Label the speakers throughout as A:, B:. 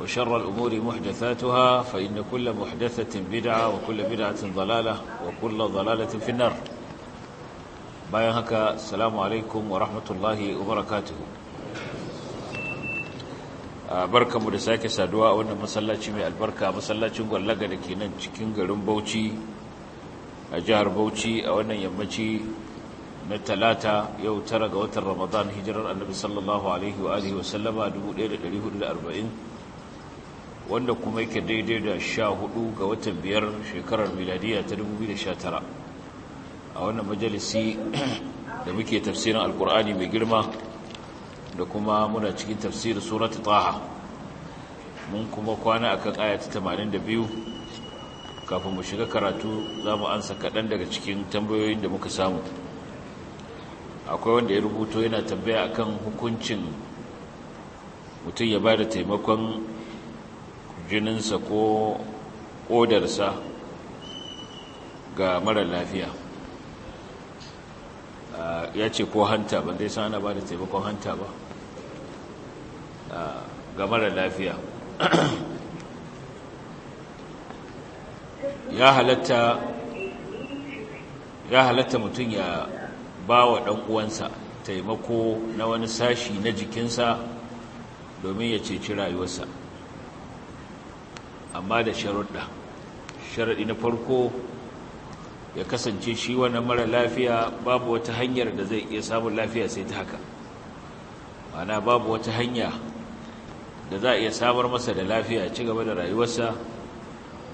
A: وشر الأمور محدثاتها فإن كل محدثة بدعة وكل بدعة ضلالة وكل ضلالة في النار bayan haka salamu alaikum wa rahmatullahi wa barakatuhu barkamu da sake saduwa a wannan masallaci mai albarka masallacin gwallaga da ke nan cikin garin bauchi a jihar bauchi a wannan yammaci na talata yau tara ga watan ramadan hijirar annabi sallallahu alaihi wa alihi wasallama 1440 wanda kuma yake daidai da sha hudu ga watan biyar shekarar miladiya ta 2019 a wannan majalisi da muke tafsirin alkur'ani mai girma da kuma muna cikin tafsirin surat taha mun kuma kwana a kan ayata 82 kafin mu shiga karatu za mu ansa kaɗan daga cikin tambayoyin da muka samu akwai wanda ya rubuto yana tambaya akan hukuncin mutum ya ba da taimakon jininsa ko ƙodarsa ga mara lafiya ya ce ko hanta ba zai sana ba da taimakon hanta ba ga mara lafiya ya halatta ya halatta mutum ya ba wa ɗan'uwansa taimako na wani sashi na jikinsa domin ya ceci rayuwarsa amma da sharuɗa sharaɗi na farko ya kasance shi wani mara lafiya babu wata hanyar da zai iya samun lafiya sai ta haka mana babu wata hanya da za a iya samar masa da lafiya ci gaba da rayuwarsa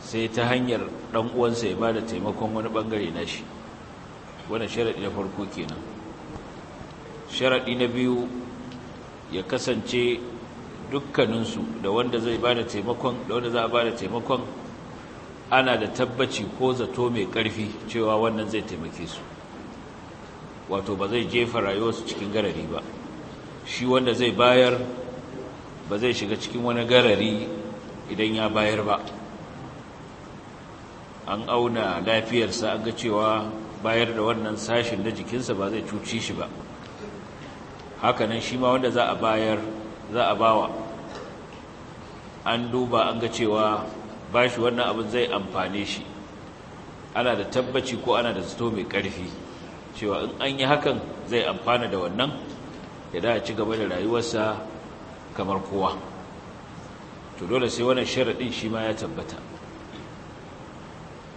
A: sai ta hanyar ɗan uwansa ya ba da taimakon wani ɓangare na shi Wani sharaɗi na farko kenan sharaɗi na biyu ya kasance dukkaninsu da wanda zai ba da taimakon da wanda za a ba da taimakon ana da tabbaci ko zato mai ƙarfi cewa wannan zai taimake su wato ba zai jefa rayuwarsu cikin garari ba shi wanda zai bayar ba zai shiga cikin wani garari idan ya bayar ba an auna lafiyarsa an ga cewa bayar da wannan sashin na jikinsa ba zai cuci shi ba hakanan shi ma wanda za a bayar za a bawa an duba an ga cewa bashi wannan abin zai amfane shi ana da tabbaci ko ana da zato mai ƙarfi cewa in an yi hakan zai amfana da wannan ya da ci gaba da rayuwarsa kamar kowa to dole sai wannan sharaɗin shi ma ya tabbata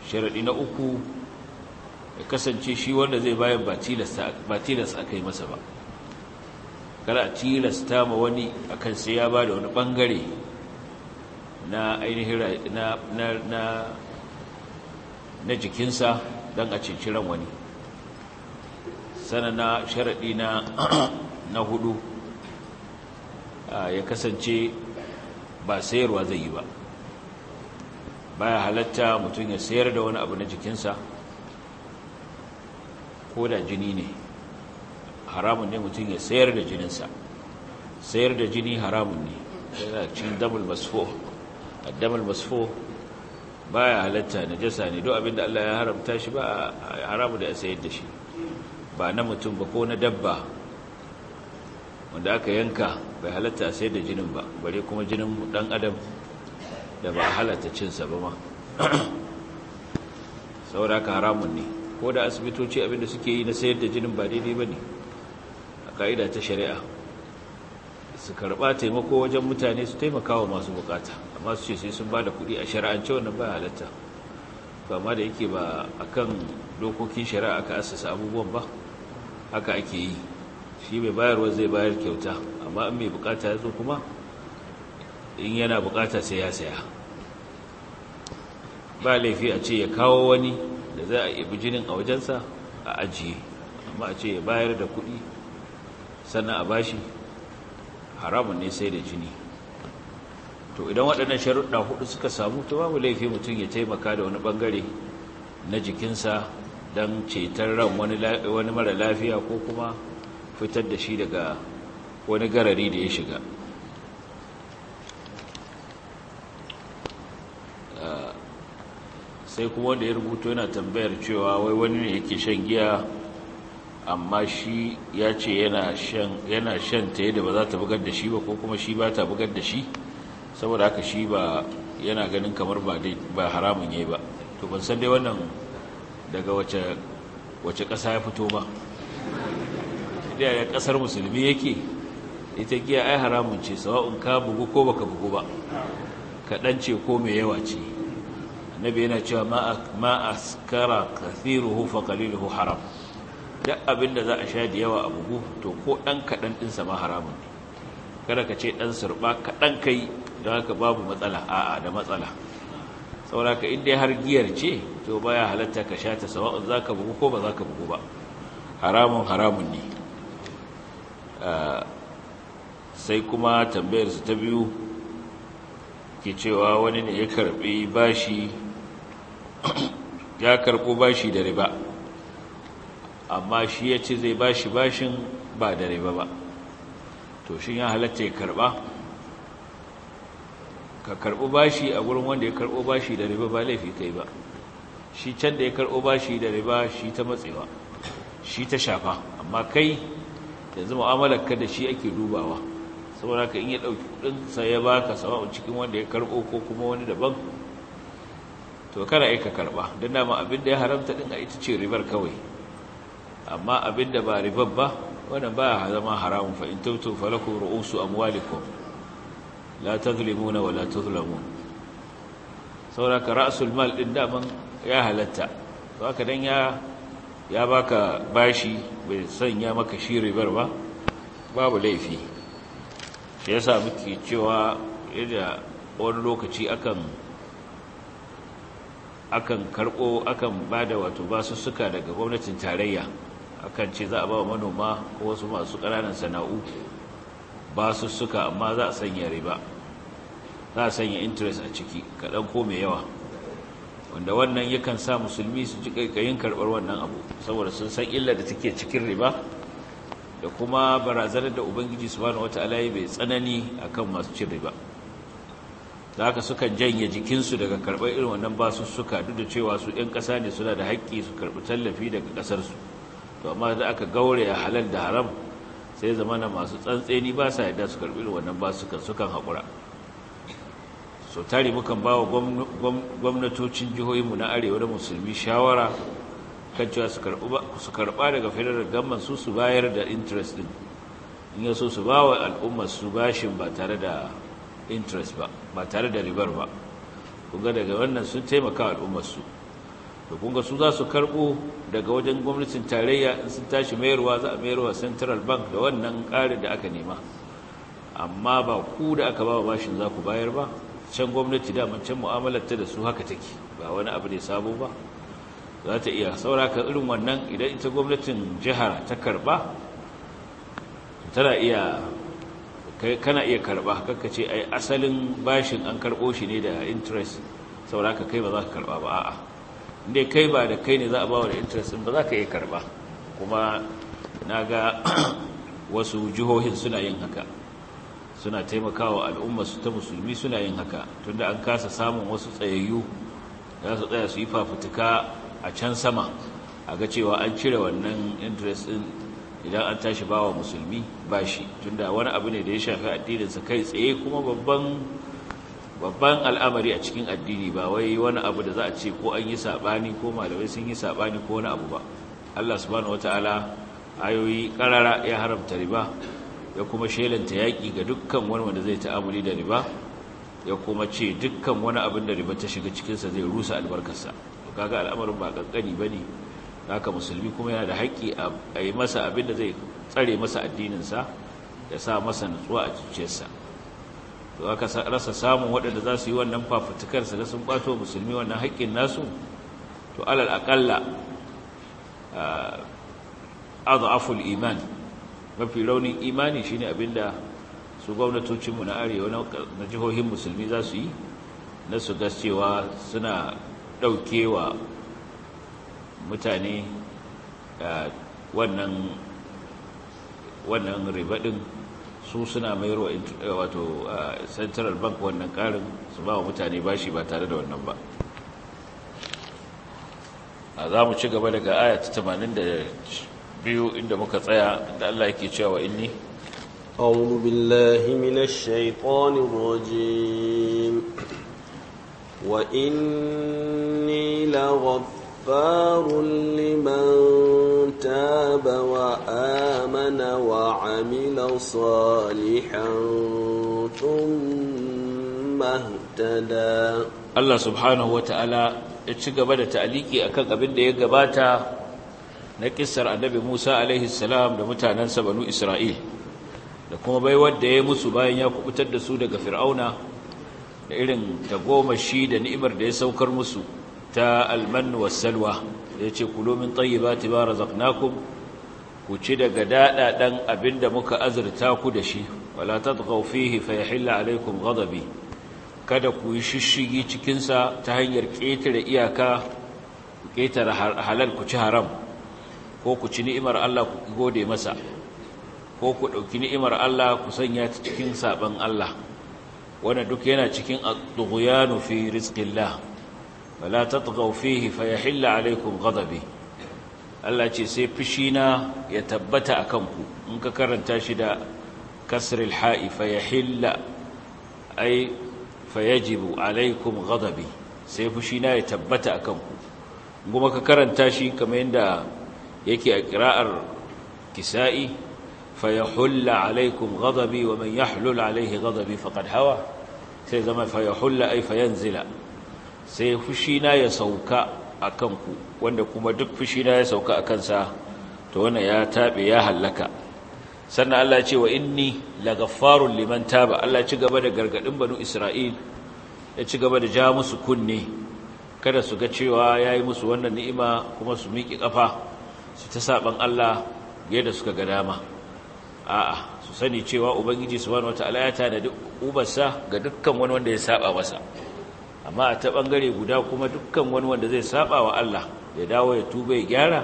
A: sharaɗi na uku ya kasance shi wanda zai bayan ba tilas aka yi masa ba kada a tilasta ma wani akan sai ya ba da wani bangare na ainihin na na na jikinsa don a cinciran wani sanana sharaɗi na na hudu ya kasance ba sayarwa zai yi ba baya halatta mutum ya sayar da wani abu na jikinsa ko da jini ne haramun ne mutum ya sayar da jininsa sayar da jini haramun ne yana cikin damul masfo a damul masfo baya halatta na jasa ne duk abinda Allah ya haramta shi ba haramun da a sayar da shi ba na mutum ba ko na dabba wanda aka yanka bai halatta sayar da jinin ba bare kuma jinin dan adam da ba halatta cinsa ba ma saboda haka haramun ne ko da asibitoci abinda suke yi na sayar da jinin ba daidai ba ne ka'ida ta shari'a su karɓa taimako wajen mutane su taimaka wa masu bukata amma su ce sai sun ba da kuɗi a shari'ance wannan ba halatta kama da yake ba a kan dokokin shari'a aka asasa abubuwan ba haka ake yi shi mai bayarwa zai bayar kyauta amma in mai bukata ya zo kuma in yana bukata sai ya saya ba laifi a ce ya kawo wani da za a ibi jinin a wajensa a ajiye amma a ce ya bayar da kuɗi sannan a bashi haramun ne sai da jini to idan waɗannan sharuɗa hudu suka samu to babu laifi mutum ya taimaka da wani ɓangare na jikinsa don ceton ran wani mara lafiya ko kuma fitar da shi daga wani garari da ya shiga ah, sai kuma wanda ya rubuto yana tambayar cewa wai wani ne yake shan giya amma shi ya ce yana shan ta yadda ba za ta bugar da shi ba ko kuma shi ba ta bugar da shi saboda haka shi ba yana ganin kamar ba haramun ya ba to ban san dai wannan daga wace ƙasa ya fito ba da ya ƙasar musulmi yake ita giya ai haramun ce sawa'un ka bugu ko baka bugu ba kaɗan ce ko mai yawa ce annabi yana cewa ma askara kathiruhu fa qaliluhu haram duk abin da za a sha da yawa a bugu to ko ɗan kaɗan ɗinsa ma haramun ne kada ka ce ɗan surɓa kaɗan kai don haka babu matsala a'a da matsala sauraka inda har giyar ce to baya halatta ka sha ta sama. za ka bugu ko ba za ka bugu ba haramun haramun ne ah, sai kuma tambayar su ta biyu ke cewa wani ne ya karɓi bashi ya karɓo bashi da riba amma shi ya ce zai bashi bashin ba da riba ba to shi ya halatta ya karba ka karbo bashi a gurin wanda ya karbo bashi da riba ba laifi kai ba shi can da ya karbo bashi da riba shi ta matsewa shi ta shafa amma kai yanzu mu'amalar ka da shi ake dubawa saboda ka in ya dauki kudin sai ya baka sawa'un cikin wanda ya karbo ko kuma wani daban to kana aika karba dan dama abin da ya haramta din a ita ce ribar kawai amma abin da ba ribar ba wannan baya zama haramun fa in falaku, falakum ru'usu amwalikum la na, wa la sauraka ra’asul mal ɗin daman ya halatta ba ka don ya ba baka bashi bai sanya maka shi ribar ba babu laifi shi sa muke cewa yadda wani lokaci akan akan karɓo akan bada wato basussuka daga gwamnatin tarayya akan ce za a ba manoma ko wasu masu ƙananan sana'u ba su suka amma za a sanya riba za a sanya interest a ciki kaɗan ko mai yawa wanda wannan yakan sa musulmi su ji ƙaiƙayin karɓar wannan abu saboda sun san illar da take cikin riba da kuma barazanar da ubangiji su bani wata alayi bai tsanani a kan masu cin riba Za ka sukan janye jikinsu daga karɓar irin wannan basussuka duk da cewa su 'yan ƙasa ne suna da haƙƙi su karɓi tallafi daga ƙasarsu to amma da aka gaure a halal da haram sai zamana masu tsantseni ba sa yadda su karbi wannan ba su sukan haƙura so tare mukan ba wa gwamnatocin jihohinmu na arewa da musulmi shawara kan cewa su karɓa daga federal gamman su su bayar da interest din in ya so su ba wa al'ummar su bashin ba tare da interest ba ba tare da ribar ba kuga daga wannan sun taimaka al'ummar su to kunga su za su karɓo daga wajen gwamnatin tarayya in sun tashi mayarwa za a mayarwa central bank da wannan ƙarin da aka nema amma ba ku da aka ba bashin za ku bayar ba can gwamnati daman can mu'amalarta da su haka take ba wani abu ne sabo ba za ta iya saura ka irin wannan idan ita gwamnatin jihar ta karba tana iya kana iya karba kakka ce ai asalin bashin an karɓo shi ne da interest ka kai ba za ka karba ba a'a inda kai ba da kai ne za a ba wa da interest ba za ka iya karba kuma na ga wasu jihohin suna yin haka suna taimakawa al'umma su ta musulmi suna yin haka tunda an kasa samun wasu tsayayyu za su tsaya su yi fafutuka a can sama a ga cewa an cire wannan interest din idan an tashi ba wa musulmi bashi tunda wani abu ne da ya shafi addininsa kai tsaye kuma babban babban al'amari a cikin addini ba wai wani abu da za a ce ko an yi saɓani ko malamai sun yi saɓani ko wani abu ba allah subhanahu ta'ala ayoyi ƙarara ya haramta riba ya kuma shelanta yaƙi ga dukkan wani wanda zai ta'amuli da riba ya kuma ce dukkan wani abin da riba ta shiga cikinsa zai rusa albarkarsa kaga al'amarin ba ƙanƙani ba ne haka musulmi kuma yana da haƙƙi a yi masa abin da zai tsare masa addininsa ya sa masa nutsuwa a cikinsa to aka rasa samun waɗanda za su yi wannan fafutukar su ga sun ɓato musulmi wannan haƙƙin nasu to alal aƙalla azaful iman mafi raunin imani shi shine abinda su gwamnatocinmu na arewa na jihohin musulmi za su yi na su ga cewa suna ɗaukewa mutane wannan wannan ribaɗin su suna mayar wato central bank wannan karin su ba wa mutane bashi ba tare da wannan ba a za mu ci gaba daga ayat 82 inda muka tsaya da Allah yake cewa inni
B: أعوذ بالله من الشيطان wa inni لغفور غفار لمن تاب وآمن وعمل صالحا ثم اهتدى
A: الله سبحانه وتعالى اتشغب kan أكاك da ya gabata na ƙisar annabi Musa alaihi salam da mutanensa banu Isra'il da kuma baiwar da ya musu bayan ya kubutar da su daga Fir'auna da irin tagomashi da ni'imar da ya saukar musu ta alman wasalwa ya ce kulomin tsayiba ta ba razaknakum ku ci daga daɗaɗen abin da muka azurta ku da shi wala ta fihi fa ya hila alaikum gadabi kada ku yi shishigi cikinsa ta hanyar ƙetare iyaka ku ƙetare halal ku ci haram ko ku ci ni'imar Allah ku gode masa ko ku ɗauki ni'imar Allah ku sanya ta cikin saɓan Allah wanda duk yana cikin a fi fala tatghaw fihi fayahilla alaykum ghadabi Allah ce sai fushina ya tabbata a kanku in ka karanta shi da kasril ha'i fayahilla ay fayajibu alaykum ghadabi sai fushina ya tabbata a kanku kuma ka karanta shi kamar yadda yake a qira'ar kisa'i fayahulla alaykum ghadabi wa man yahlul alayhi ghadabi faqad hawa sai zama fayahulla ay fayanzila sai fushi na ya sauka a kanku wanda kuma duk fushina ya sauka a kansa to wani ya taɓe ya hallaka sannan Allah ce wa inni lagaffarun liman taba Allah ci gaba da gargaɗin banu Isra'il ya ci gaba da ja musu kunne kada su ga cewa ya yi musu wannan ni'ima kuma su miƙi ƙafa, su ta saɓan Allah yadda suka ga dama a'a su sani cewa ubangiji wata wataala ya da ubarsa ga dukkan wani wanda ya saɓa masa amma a ta bangare guda kuma dukkan wani wanda zai saba wa Allah ya dawo ya tuba ya gyara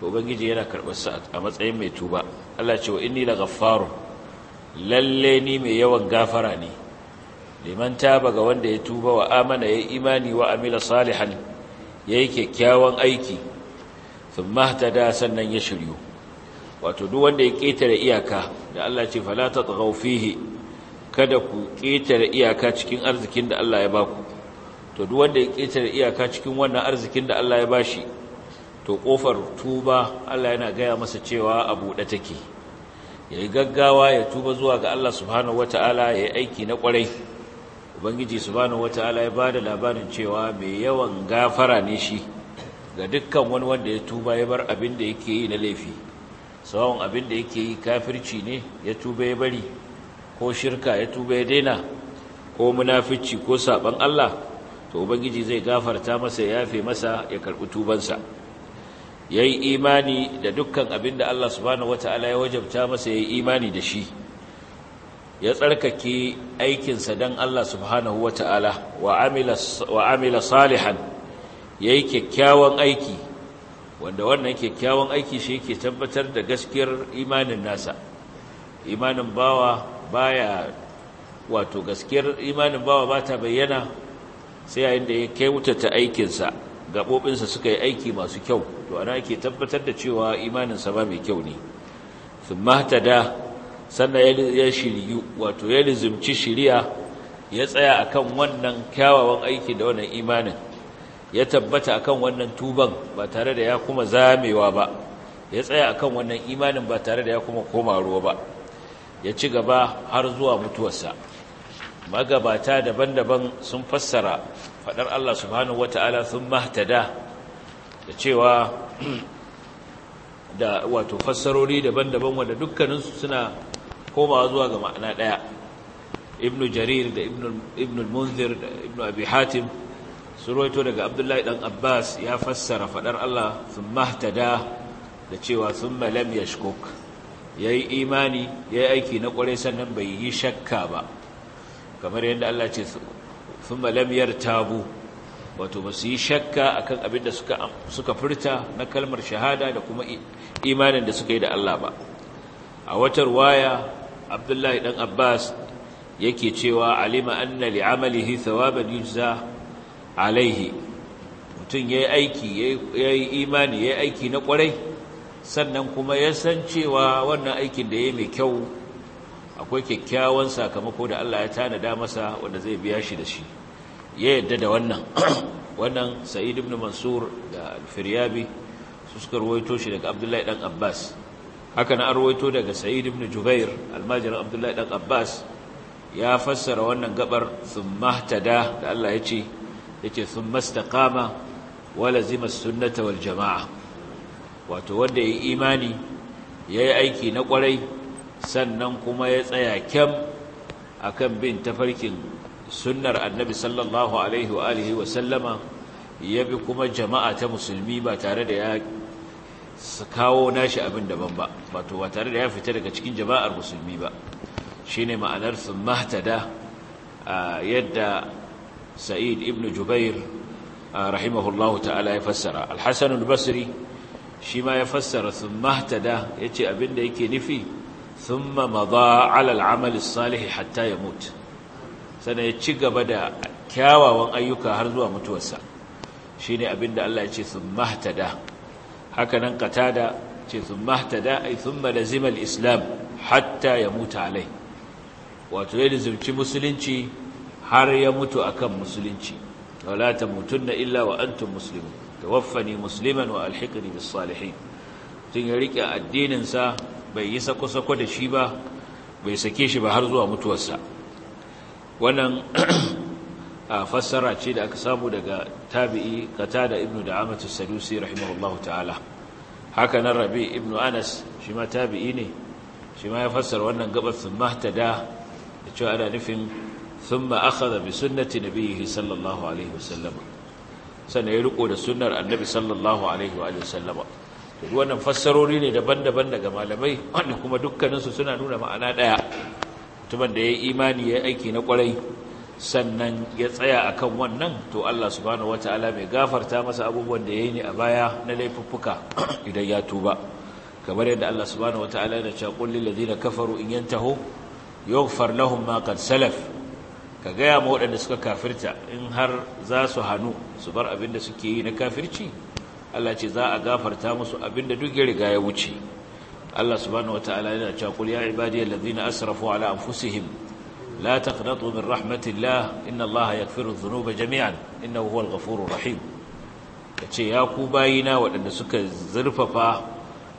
A: to ubangiji yana karɓar sa a matsayin mai tuba Allah ce wa inni ghaffaru lalle ni mai yawan gafara ne liman taba ga wanda ya tuba wa amana ya imani wa amila salihan yayi kyakkyawan aiki thumma da sannan ya shiryo. wato duk wanda ya ketare iyaka da Allah ce fala tatghaw fihi kada ku ƙetare iyaka cikin arzikin da Allah ya baku to duk wanda ya ƙetare iyaka cikin wannan arzikin da Allah ya bashi to kofar tuba Allah yana gaya masa cewa a buɗe take yayi gaggawa ya tuba zuwa ga Allah subhanahu wataala yayi aiki na kwarai ubangiji subhanahu wataala ya bada labarin cewa mai yawan gafara ne shi ga dukkan wani wanda ya tuba ya bar abin da yake yi na laifi sawon abin da yake yi kafirci ne ya tuba ya bari ko shirka ya tuba ya daina ko munafici ko saban Allah to ubangiji zai gafarta masa ya yafe masa ya karbi tubansa ya yi imani da dukkan abin da Allah subhanahu wata'ala ya wajabta masa ya yi imani da shi ya tsarkake aikinsa dan Allah subhanahu wata'ala wa amila salihan yayi yi kyakkyawan aiki wanda wannan kyakkyawan aiki shi ke tabbatar da gaskiyar imanin nasa imanin bawa baya wato gaskiyar imanin bawa ba ta bayyana sai yayin da ya kyautata aikinsa gaɓoɓinsa suka yi aiki masu kyau to ana ake tabbatar da cewa imaninsa ba mai kyau ne su da sannan ya shiryu wato ya lizimci shirya ya tsaya akan wannan kyawawan aiki da wannan imanin ya tabbata akan wannan tuban ba tare da ya kuma zamewa ba ya tsaya akan wannan imanin ba tare da ya kuma koma ruwa ba ya ci gaba har zuwa mutuwarsa magabata daban-daban sun fassara faɗar Allah subhanahu wata'ala sun mahtada da cewa da wato fassarori daban-daban wadda dukkaninsu suna komawa zuwa ga ma'ana ɗaya ibnu jarir da ibnu munzir da ibnu abi hatim sun roito daga abdullahi dan abbas ya fassara faɗar allah sun mahtada da cewa sun malam ya shkuk ya yi imani ya yi aiki na kwarai sannan bai yi shakka ba kamar yadda Allah ce sun malamiyar tabu wato ba su yi shakka akan abin da suka furta na kalmar shahada da kuma imanin da suka yi da Allah ba a watar waya abdullahi dan abbas yake cewa alima anna li'amalihi thawaban yujza alaihi mutum yayi aiki yayi imani yayi aiki na kwarai sannan kuma ya san cewa wannan aikin da yayi mai kyau akwai kyakkyawan sakamako da Allah ya tanada masa wanda zai biya shi da shi ya yadda da wannan wannan sa'id ibn mansur da al-firyabi su suka ruwaito shi daga abdullahi dan abbas haka na arwaito daga sa'id ibn jubair almajirin abdullahi dan abbas ya fassara wannan gabar thumma tada da Allah ya ce yace thumma istaqama wa lazima sunnata wal jamaa wato wanda ya yi imani ya yi aiki na kwarai sannan kuma ya tsaya kyam kan bin tafarkin sunnar annabi sallallahu alaihi wa alihi wa sallama ya bi kuma jama'a ta musulmi ba tare da ya kawo nashi abin daban ba wato ba tare da ya fita daga cikin jama'ar musulmi ba shine ma'anar sun mahtada yadda sa'id ibn jubair rahimahullahu ta'ala ya fassara al-hasan basri shi ma ya fassara sun mahtada ce abin da yake nufi thumma madha ala al-amal as-salih hatta yamut sana ya ci gaba da kyawawan ayyuka har zuwa mutuwarsa shine abinda Allah ya ce thumma htada haka nan qatada ce thumma htada ay thumma lazima al-islam hatta yamut alai wato ya lazimci musulunci har ya mutu akan musulunci wala tamutunna illa wa antum muslimun tawaffani musliman wa alhiqni bis salihin tun ya rike addinin sa bai yi sako-sako da shi ba bai sake shi ba har zuwa mutuwarsa wannan a fassara ce da aka samu daga tabi'i qatada ibnu da'amatu sadusi rahimahullahu ta'ala haka nan rabi ibnu anas shi ma tabi'i ne shi ma ya fassara wannan gabar thumma tada da cewa ana nufin thumma akhadha bi sunnati nabiyhi sallallahu alaihi wasallam sannan ya riko da sunnar annabi sallallahu alaihi wa wannan fassarori ne daban-daban daga malamai wanda kuma dukkaninsu suna nuna ma'ana ɗaya mutumin da ya yi imani ya aiki na kwarai sannan ya tsaya a kan wannan to Allah subhanahu ala mai gafarta masa abubuwan da ya yi ne a baya na laifuffuka idan ya tuba kamar yadda Allah subhanahu wataala ya da qul lil ladina kafaru in yan taho yau farlahun makar salaf ka gaya ma waɗanda suka kafirta in har za su hannu su bar abin da suke yi na kafirci Allah ce za a gafarta musu abinda duk ya riga ya wuce Allah subhanahu wataala yana cewa qul ya ibadiyal ladina asrafu ala anfusihim la taqnatu min rahmatillah inna Allah yaghfiru dhunuba jami'an innahu huwal ghafurur rahim kace ya ku bayina waɗanda suka zurfafa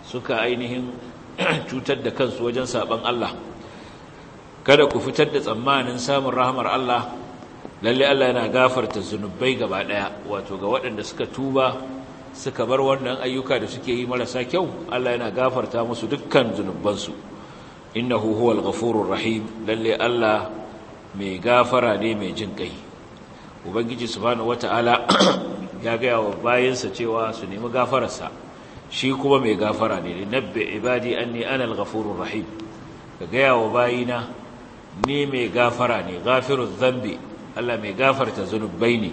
A: suka ainihin cutar da kansu wajen saban Allah kada ku fitar da tsammanin samun rahmar Allah lalle Allah yana gafarta zunubai gaba daya wato ga waɗanda suka tuba suka bar wannan ayyuka da suke yi marasa kyau Allah yana gafarta musu dukkan zunubansu innahu huwal ghafurur rahim lalle Allah mai gafara ne mai jin kai ubangiji subhanahu wataala ya gaya wa bayansa cewa su nemi gafararsa shi kuma mai gafara ne nabbi ibadi anni ana al rahim ka gaya wa bayina ni mai gafara ne ghafiruz zambi Allah mai gafarta zunubai ne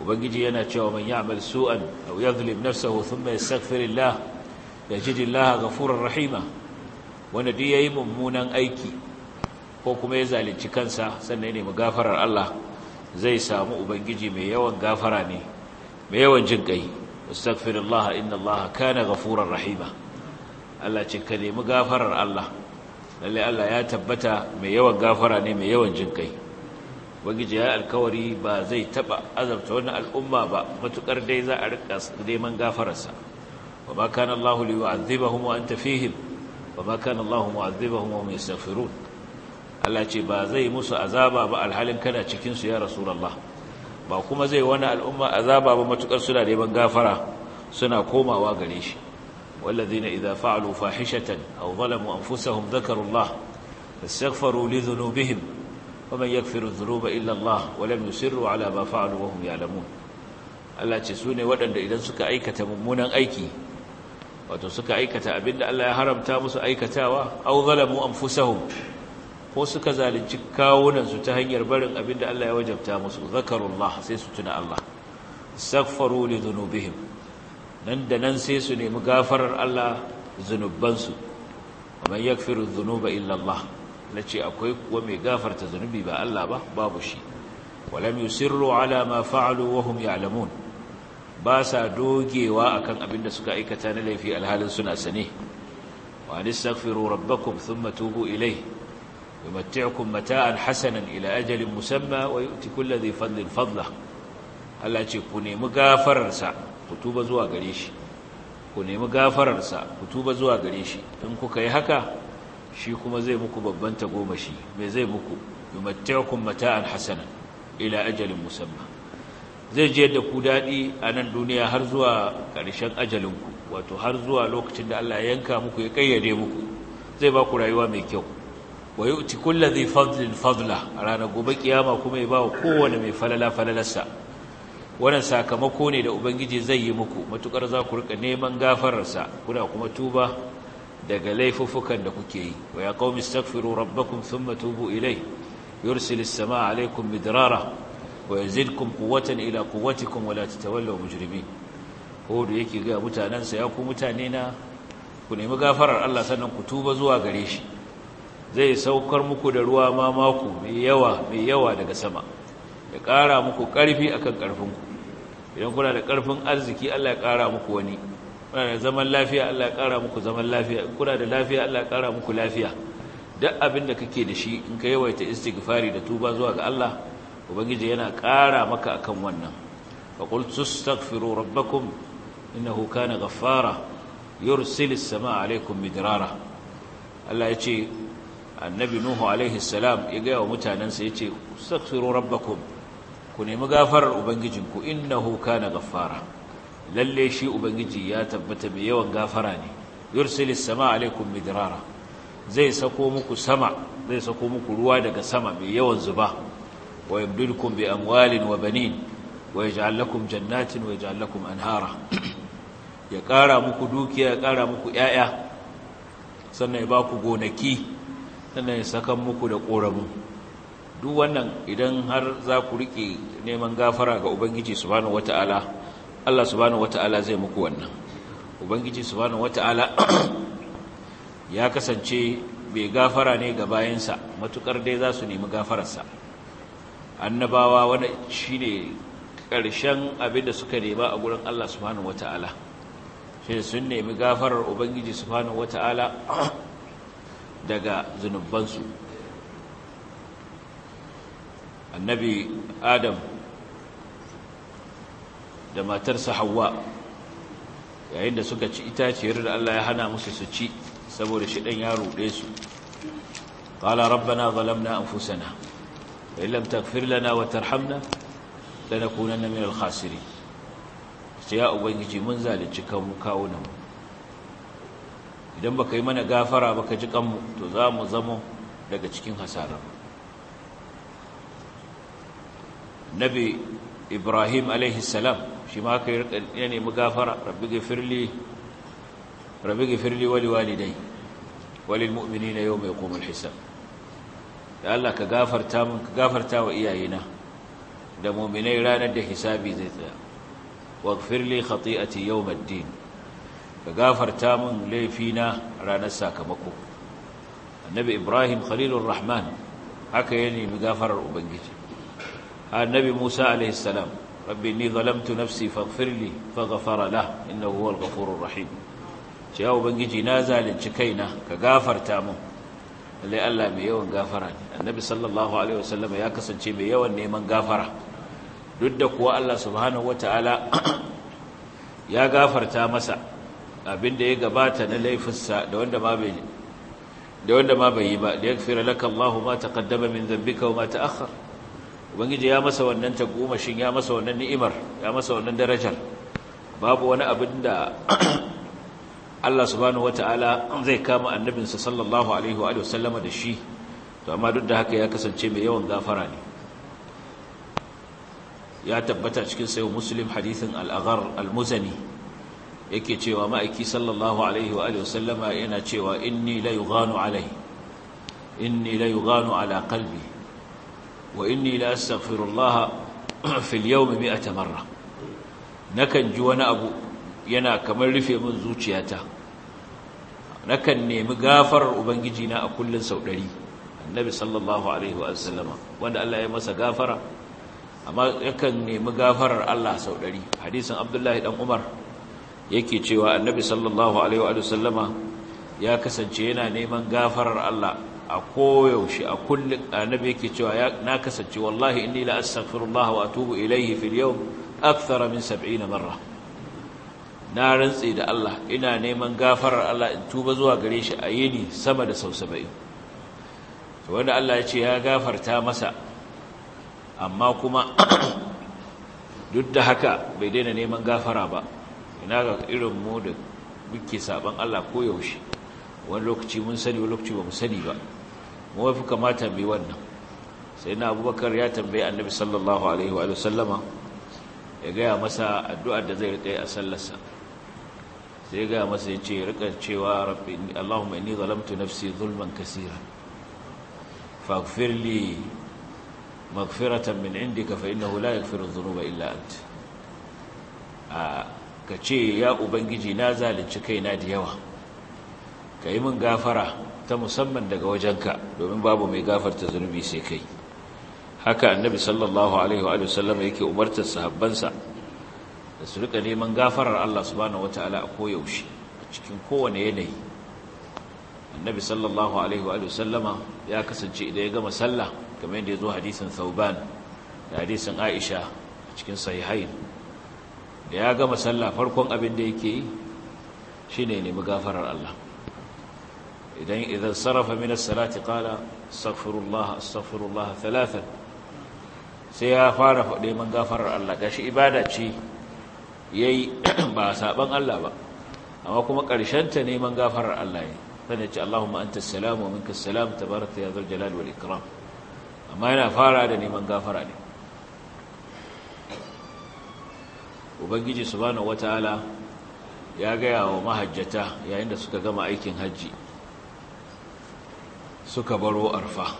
A: ubangiji yana cewa man ya'mal su'an أو يظلم نفسه ثم يستغفر الله يجد الله غفورا رحيما wanda duk yayi mummunan aiki ko ya zalunci kansa sannan ne magafarar Allah zai samu ubangiji mai yawan gafara ne mai yawan jin kai astaghfirullah inna Allah kana ghafurar rahima Allah ce ka nemi gafarar Allah Allah ya tabbata mai yawan gafara ne mai yawan ubangiji ya alkawari ba zai taba azabta wani al'umma ba matukar dai za a rika neman gafararsa wa ma kana Allah li yu'adhibahum wa anta fihim wa ba kana Allah mu'adhibahum wa hum yastaghfirun Allah ce ba zai musu azaba ba alhalin kana cikin su ya rasulullah ba kuma zai wani al'umma azaba ba matukar suna neman gafara suna komawa gare shi والذين إذا فعلوا فاحشة أو ظلموا أنفسهم ذكروا الله فاستغفروا لذنوبهم ومن يغفر الذنوب إلا الله ولم يصروا على ما فعلوا وهم يعلمون Allah ce su ne waɗanda idan suka aikata mummunan aiki wato suka aikata abinda Allah ya haramta musu aikatawa aw zalamu anfusahum ko suka zalunci kawunansu ta hanyar barin abinda Allah ya wajabta musu zakarullah sai su tuna Allah istaghfaru li dhunubihim nan da nan sai su nemi gafarar Allah zunubansu man yakfiru dhunuba illa Allah na ce akwai kuwa mai gafarta zunubi ba Allah ba babu shi walam yusirru ala ma fa'alu wa hum ya'lamun ba sa dogewa akan abin da suka aikata na laifi alhalin suna sane wa nastaghfiru rabbakum thumma tubu ilayhi yumatti'ukum mata'an hasanan ila ajalin musamma wa yu'ti kulli dhi fadlin fadlah Allah ce ku nemi gafararsa ku tuba zuwa gare shi ku nemi gafararsa ku tuba zuwa gare shi in kuka yi haka shi kuma zai muku babban ta tagomashi mai zai muku yumatta'ukum mata'an hasana ila ajalin musamman. zai je da ku daɗi a nan duniya har zuwa ƙarshen ajalinku wato har zuwa lokacin da Allah ya yanka muku ya ƙayyade muku zai ba ku rayuwa mai kyau wa yu'ti kulli dhi fadlin fadla a ranar gobe kiyama kuma ya ba wa kowane mai falala falalarsa wannan sakamako ne da ubangiji zai yi muku matukar za ku rika neman gafararsa kuna kuma tuba daga laifuffukan da kuke yi wa ya qaumi astaghfiru rabbakum thumma tubu ilayh yursilis samaa alaykum midrara wa yazidkum quwwatan ila quwwatikum wa la tatawallaw mujrimin yake ga mutanensa ya ku mutane na ku nemi gafarar Allah sannan ku tuba zuwa gare shi zai saukar muku da ruwa ma maku mai yawa mai yawa daga sama ya ƙara muku karfi akan karfinku idan kuna da karfin arziki Allah ya kara muku wani kuna eh, da zaman lafiya Allah ya ƙara muku zaman lafiya kuna da lafiya Allah ya ƙara muku lafiya duk abin da kake da shi in ka yawaita istighfari da tuba zuwa ga Allah ubangiji yana ƙara maka akan wannan fa qul tastaghfiru rabbakum innahu kana ghaffara yursilu as sama alaykum midrara Allah ya ce annabi nuhu alaihi salam ya ga wa mutanansa yace tastaghfiru rabbakum ku nemi gafarar ubangijinku innahu kana ghaffara lalle shi ubangiji ya tabbata mai yawan gafara ne yursilis sama alaikum midrara zai sako muku sama zai sako muku ruwa daga sama mai yawan zuba wa yabdulkum bi amwalin wa banin wa yaj'al lakum jannatin wa yaj'al lakum anhara ya ƙara muku dukiya ya ƙara muku 'ya'ya. sannan ya baku gonaki sannan ya saka muku da korabu duk wannan idan har za ku riƙe neman gafara ga ubangiji subhanahu wataala Allah subhanahu wata'ala zai muku wannan ubangiji subhanahu wata'ala ya kasance bai gafara ne ga bayansa matukar dai za su nemi gafararsa annabawa wani shine ƙarshen abin da suka nema a gurin Allah subhanahu wata'ala shi sun nemi gafarar ubangiji subhanahu wata'ala daga zunubansu annabi adam da matarsa hawa yayin da suka ci itaciyar da Allah ya hana musu su ci saboda shi ɗan ya ruɗe su qala rabbana zalamna anfusana wa illam taghfir lana wa tarhamna lanakunanna min al-khasirin sai ya ubangiji mun zalunci kanmu kawunan idan baka yi mana gafara baka ji kanmu to za mu zama daga cikin hasarar nabi ibrahim alaihi salam shi ma ka yi ya nemi gafara rabbi gafirli rabbi gafirli wali walidai walil mu'minina yawma yaqumul hisab ya Allah ka gafarta min ka gafarta wa iyayena da mu'minai ranar da hisabi zai tsaya waghfirli khati'ati yawmad din ka gafarta min laifina ranar sakamako annabi ibrahim khalilur rahman haka ya nemi gafarar ubangiji annabi musa alaihi salam rabbi inni zalamtu nafsi faghfirli faghfara lahu innahu huwal ghafurur rahim ce ya ubangiji na zalunci kaina ka gafarta mun lalle Allah mai yawan gafara ne annabi sallallahu alaihi wasallam ya kasance mai yawan neman gafara duk da kuwa Allah subhanahu wataala ya gafarta masa abinda ya gabata na laifinsa da wanda ma bai da wanda ma bai yi ba da yaghfira laka ma taqaddama min dhanbika wa ma ta'akhkhara ubangiji ya masa wannan tagomashin ya masa wannan ni'imar ya masa wannan darajar babu wani abin da Allah subhanahu wata'ala zai kama annabinsa sallallahu alaihi wa sallama da shi to amma duk da haka ya kasance mai yawan gafara ne ya tabbata cikin sayo muslim hadithin al'agar al-muzani yake cewa ma'aiki sallallahu alaihi wa sallama yana cewa inni la yughanu alai inni la yughanu ala qalbi wa inni la astaghfirullah fil yawmi mi'ata marra nakan ji wani abu yana kamar rufe min zuciyata nakan nemi gafarar ubangiji na a kullun sau 100 annabi sallallahu alaihi wa sallama wanda Allah ya masa gafara amma yakan nemi gafarar Allah sau hadisin Abdullahi dan Umar yake cewa annabi sallallahu alaihi wa sallama ya kasance yana neman gafarar Allah a koyaushe a kullum annabi yake cewa na kasance wallahi inni la astaghfirullah wa atubu ilayhi fil yawm akthara min 70 marra na rantsi da Allah ina neman gafarar Allah in tuba zuwa gare shi a yini sama da sau 70 to wanda Allah ya ce ya gafarta masa amma kuma duk da haka bai daina neman gafara ba ina ga irin mu da muke saban Allah koyaushe wani lokaci mun sani wani lokaci ba mu sani ba mu wafi kamata mu yi wannan sai na abubakar ya tambaye annabi sallallahu alaihi wa sallama ya gaya masa addu'ar da zai riƙe a sallarsa sai gaya masa ya ce riƙa cewa rabbi allahumma inni zalamtu nafsi zulman kasira faghfir li maghfiratan min indika fa innahu la yaghfiru dhunuba illa ant a kace ya ubangiji na zalunci kaina da yawa ka yi min gafara ta musamman daga wajenka domin babu mai gafarta zunubi sai kai haka annabi sallallahu alaihi wa sallam yake umartar sahabbansa da su rika neman gafarar Allah subhanahu wataala a koyaushe a cikin kowane yanayi annabi sallallahu alaihi wa sallama ya kasance idan ya gama sallah kamar yadda ya zo hadisin Thauban da hadisin Aisha a cikin sahihain da ya gama sallah farkon abin da yake yi shine nemi gafarar Allah idan idan sarrafa min as-salati qala astaghfirullah astaghfirullah thalathan sai ya fara faɗe man gafarar Allah gashi ibada ce yayi ba saban Allah ba amma kuma ƙarshen ta neman gafarar Allah ne sai ce Allahumma anta as-salam wa minka as-salam tabarakta ya dhul jalal wal ikram amma yana fara da neman gafara ne ubangiji subhanahu wataala ya gaya wa mahajjata yayin da suka gama aikin hajji suka baro arfa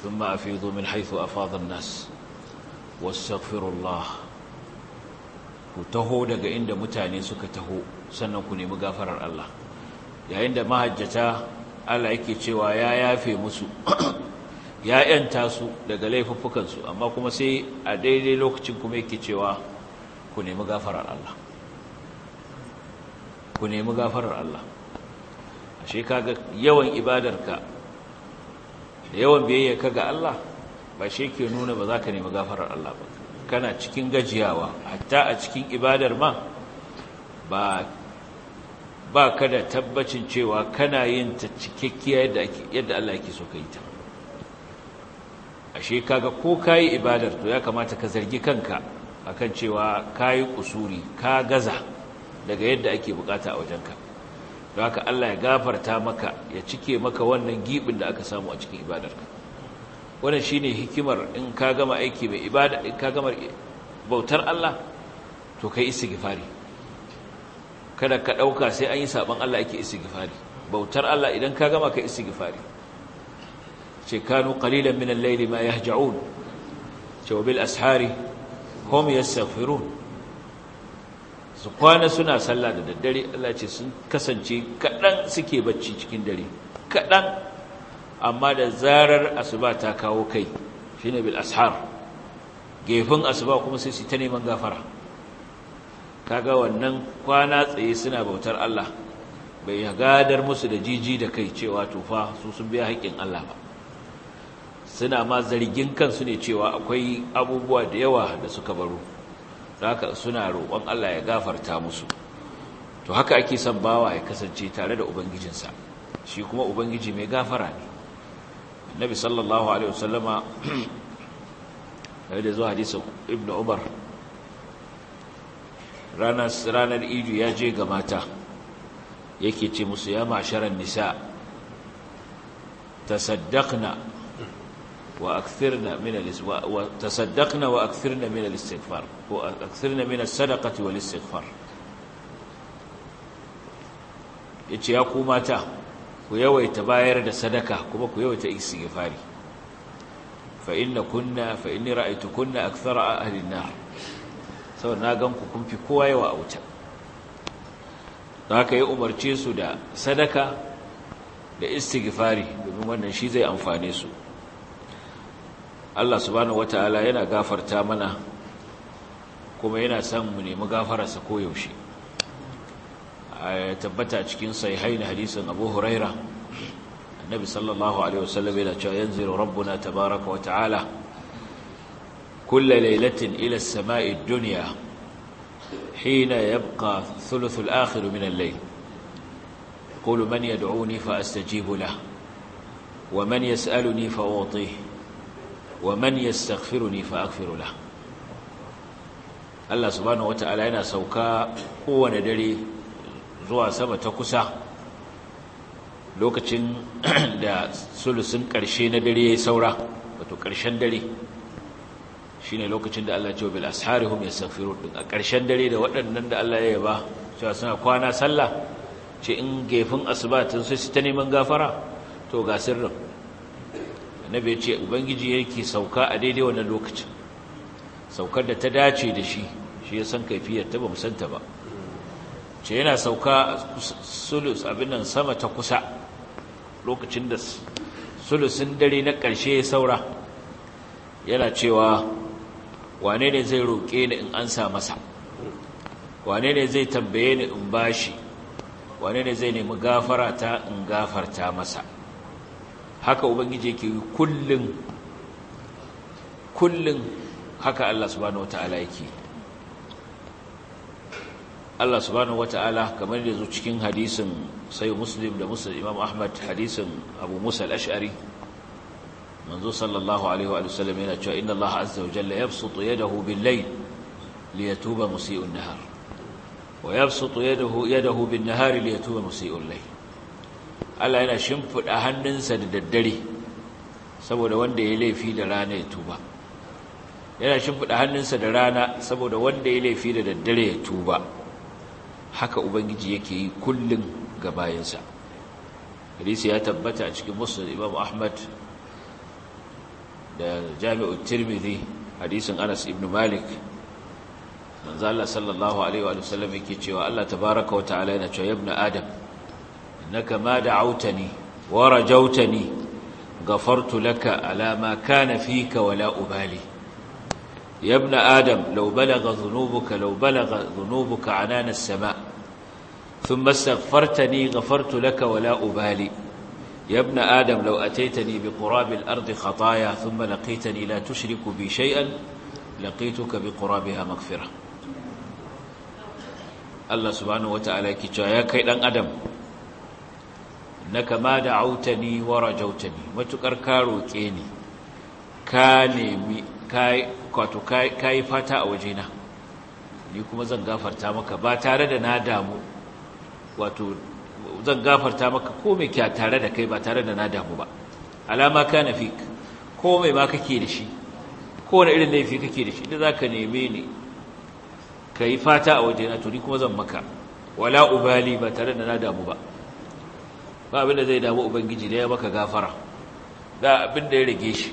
A: sun ma fi min haifu a fadon nas wasu ku taho daga inda mutane suka taho sannan ku nemi gafarar Allah yayin da mahajjata Allah yake cewa ya yafe musu ya yanta su daga laifuffukansu amma kuma sai a daidai lokacin kuma yake cewa ku nemi gafarar Allah ku nemi gafarar Allah ashe kaga yawan ibadarka da yawan biyayya ka ga Allah ba shi ke nuna ba za ka nemi gafarar Allah ba kana cikin gajiyawa hatta a cikin ibadar ma ba ba ka da tabbacin cewa kana yin ta cikakkiya yadda Allah yake so ka yi ta ashe kaga ko kayi ibadar to ya kamata ka zargi kanka akan cewa kayi kusuri ka gaza daga yadda ake bukata a wajenka don haka Allah ya gafarta maka ya cike maka wannan giɓin da aka samu a cikin ibadarka wannan shine hikimar in ka gama aiki mai ibada in ka gama bautar Allah to kai istighfari kada ka ɗauka sai an yi saban Allah ake istighfari bautar Allah idan ka gama ka istighfari ce kanu qalilan min layli ma yahja'un ce bil ashari hum yastaghfirun su kwana suna sallah da daddare Allah ce sun kasance kaɗan suke bacci cikin dare kaɗan amma da zarar asuba ta kawo kai shi ne bil ashar gefen asuba kuma sai su ta neman gafara kaga wannan kwana tsaye suna bautar Allah bai gadar musu da jiji da kai cewa tufa su sun biya haƙƙin Allah ba suna ma zargin kansu ne cewa akwai abubuwa da yawa da suka baro zaka suna roƙon Allah ya gafarta musu to haka ake son bawa ya kasance tare da ubangijinsa shi kuma ubangiji mai gafara ne annabi sallallahu alaihi wasallama da zuwa hadisi ibn umar ranar ranar idu ya je ga mata yake ce musu ya masharan nisa tasaddaqna وأكثرنا من الاس... وتصدقنا وأكثرنا من الاستغفار وأكثرنا من الصدقة والاستغفار yace ya ku mata ku yawaita bayar da sadaka kuma ku yawaita istighfari fa inna kunna fa inni ra'aytukunna akthara ahli an-nar saboda na gan ku kun fi kowa yawa a wuta haka ya umarce su da sadaka da istighfari domin wannan shi zai amfane su Allah subhanahu wataala yana gafarta mana kuma yana son mu nemi gafararsa koyaushe a tabbata cikin sahihain hadisin Abu Huraira annabi sallallahu alaihi wasallam yana cewa yanziru rabbuna tabaaraka wa ta'ala kulla lailatin ila as-sama'i ad-dunya hina yabqa thuluth al-akhir min al-layl qulu man yad'uni fa astajibu lahu wa man yas'aluni fa uṭihi wa man yastaghfiruni fa aghfiru lahu Allah subhanahu wata'ala yana sauka kowane dare zuwa sama ta kusa lokacin da sulusun karshe na dare ya saura wato ƙarshen dare shi lokacin da Allah ce bil asharihum yastaghfiru din a ƙarshen dare da waɗannan da Allah ya yaba cewa suna kwana sallah ce in gefin asuba tun sai su ta neman gafara to ga sirrin annabi ya ce ubangiji yake sauka a daidai wannan lokacin saukar da ta dace da shi shi ya san kaifiyar ta ba san ta ba ce yana sauka sulus abin nan sama ta kusa lokacin da sulusin dare na ƙarshe ya saura yana cewa wane ne zai roƙe ni in an sa masa wane ne zai tambaye ni in bashi wane ne zai nemi gafara ta in gafarta masa haka ubangiji yake kullun kullun haka Allah subhanahu wataala yake Allah subhanahu wataala kamar da zo cikin hadisin sai muslim da muslim imam ahmad hadisin abu musa al-ash'ari manzo sallallahu alaihi wa sallam yana cewa inna Allah azza wa jalla yabsutu yadahu bil-layl liyatuba musii'un nahar wa yabsutu yadahu yadahu bin-nahari liyatuba musii'ul layl Allah yana shimfiɗa hannunsa da daddare saboda wanda ya laifi da rana ya tuba yana shimfiɗa hannunsa da rana saboda wanda ya laifi da daddare ya tuba haka ubangiji yake yi kullum ga bayansa hadisi ya tabbata a cikin musul imam ahmad da Jami'u tirmidhi hadisin anas ibn malik manzo Allah sallallahu alaihi wa sallam yake cewa Allah tabaaraka wa ta'ala yana cewa ibn adam laka ma da'autani wa rajautani ghafartu laka ala ma kana fika wa la ubali ya ibn adam law balagha dhunubuka law balagha dhunubuka anan as-samaa thumma astaghfartani ghafartu laka wa ubali Yabna adam law ataitani bi qurab al-ard khataaya thumma laqaitani la tushriku bi shay'in laqaituka bi qurabiha maghfira Allah subhanahu wa ta'ala ya kai ɗan adam Na Auta ni wara wa ni, matukar ka roƙe ni ka nemi kai kwato yi fata a wajena ni kuma zan gafarta maka ba tare da na damu wato zan gafarta maka komai kya tare da kai ba tare da na damu ba alama kana fik komai ba kake da shi kowane irin laifi kake da shi da zaka neme ni yi fata a wajena to ni kuma zan maka wala ubali ba tare da na damu ba ba abin da zai damu ubangiji da ya maka gafara da abin da ya rage shi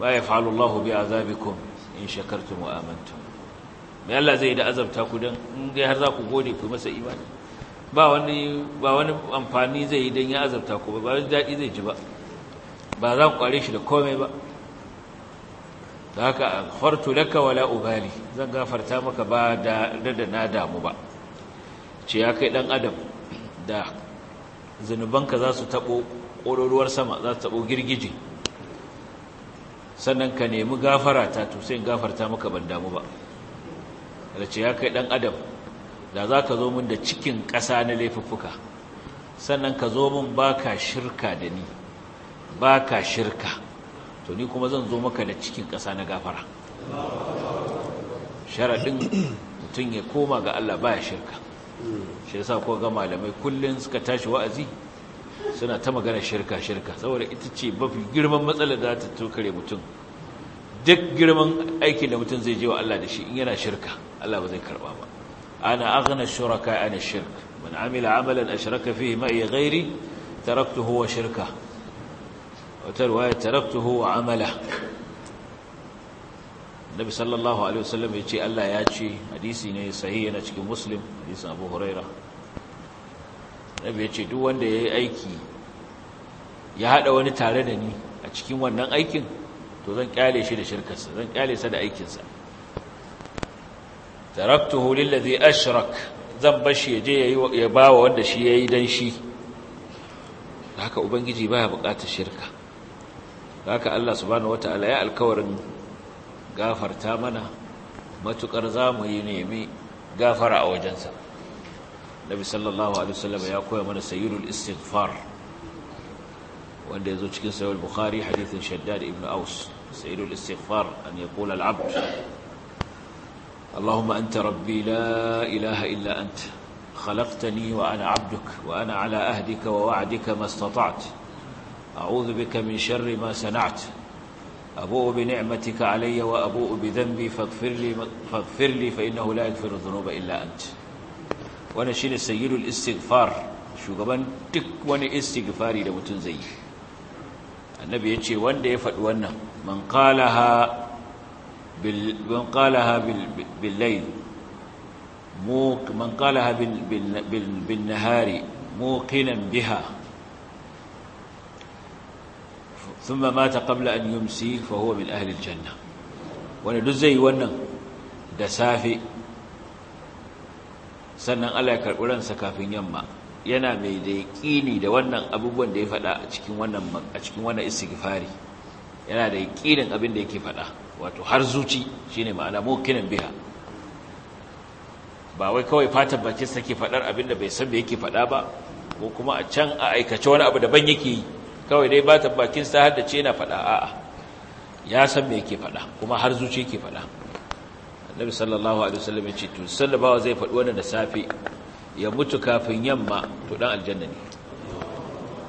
A: ba ya fa’alun lahu bi azabikum in shakartu mu’amantu mai Allah zai da azabta ku don in ga har za ku gode ku masa imani ba wani amfani zai yi don ya azabta ku ba wani daɗi zai ji ba ba za ku ƙware shi da komai ba da haka ghafartu laka wala ubali zan gafarta maka ba da da na damu ba ce ya kai dan adam da zunubanka za su taɓo ƙororuwar sama za su taɓo girgije sannan ka nemi gafara ta to gafarta maka ban damu ba da ce ya kai dan adam da za ka zo min da cikin ƙasa na laifuffuka sannan ka zo min ba ka shirka da ni ba ka shirka to ni kuma zan zo maka da cikin ƙasa na gafara sharaɗin mutum ya koma ga Allah ba ya shirka shi yasa ko ga malamai kullun suka tashi wa'azi suna ta magana shirka shirka saboda ita ce mafi girman matsalar da ta tokare mutum duk girman aikin da mutum zai je wa Allah da shi in yana shirka Allah ba zai karba ba ana aghna shuraka ana shirk man amila amalan ashraka fihi ma'i ghairi taraktuhu wa shirka wa tarwaya taraktuhu wa amala nabi sallallahu alaihi wasallam ya ce Allah ya ce hadisi ne sahihi yana cikin muslim Hadisi abu huraira nabi ya ce duk wanda ya yi aiki ya haɗa wani tare da ni a cikin wannan aikin to zan kyale shi da shirkarsa zan kyale sa da aikinsa taraktuhu lillazi ashrak zan bashi ya je ya bawa wanda shi yayi dan shi haka ubangiji baya buƙatar shirka haka Allah subhanahu wataala ya alkawarin gafarta mana matukar za mu yi nemi gafara a wajensa nabi sallallahu alaihi wasallam ya koya mana sayyidul istighfar wanda yazo cikin sahih bukhari hadithin shaddad ibn aus sayyidul istighfar an yaqula al-abd La ilaha illa anta. إله wa أنت خلقتني وأنا عبدك وأنا على أهدك ووعدك ما استطعت أعوذ بك من شر ما سنعت أبوء بنعمتك علي وأبوء بذنبي فاغفر لي, فاغفر لي فإنه لا يغفر الذنوب إلا أنت وأنا شين سيد الاستغفار شو كمان تك وانا استغفاري لما تنزي النبي يتشي وان دي فتوانا من قالها بال من قالها بال بالليل موق من قالها بال بال بال بالنهار موقنا بها thumma mata qabla an yumsi fa huwa min ahli aljanna wanda duk zai yi wannan da safe sannan Allah ya karɓi ransa kafin yamma yana mai da yaƙini da wannan abubuwan da ya faɗa a cikin wannan a cikin wannan istighfari yana da yaƙinin abin da yake faɗa wato har zuci shine ma'ana mukinan biha ba wai kawai fatan bakin sa ke faɗar abin da bai san me yake faɗa ba ko kuma a can a aikace wani abu daban yake yi kawai dai bata bakin sa har da ce yana faɗa a'a ya san me yake faɗa kuma har zuci yake faɗa annabi sallallahu alaihi wasallam ya ce to sallabawa zai fadi wannan da safe ya mutu kafin yamma to dan aljanna ne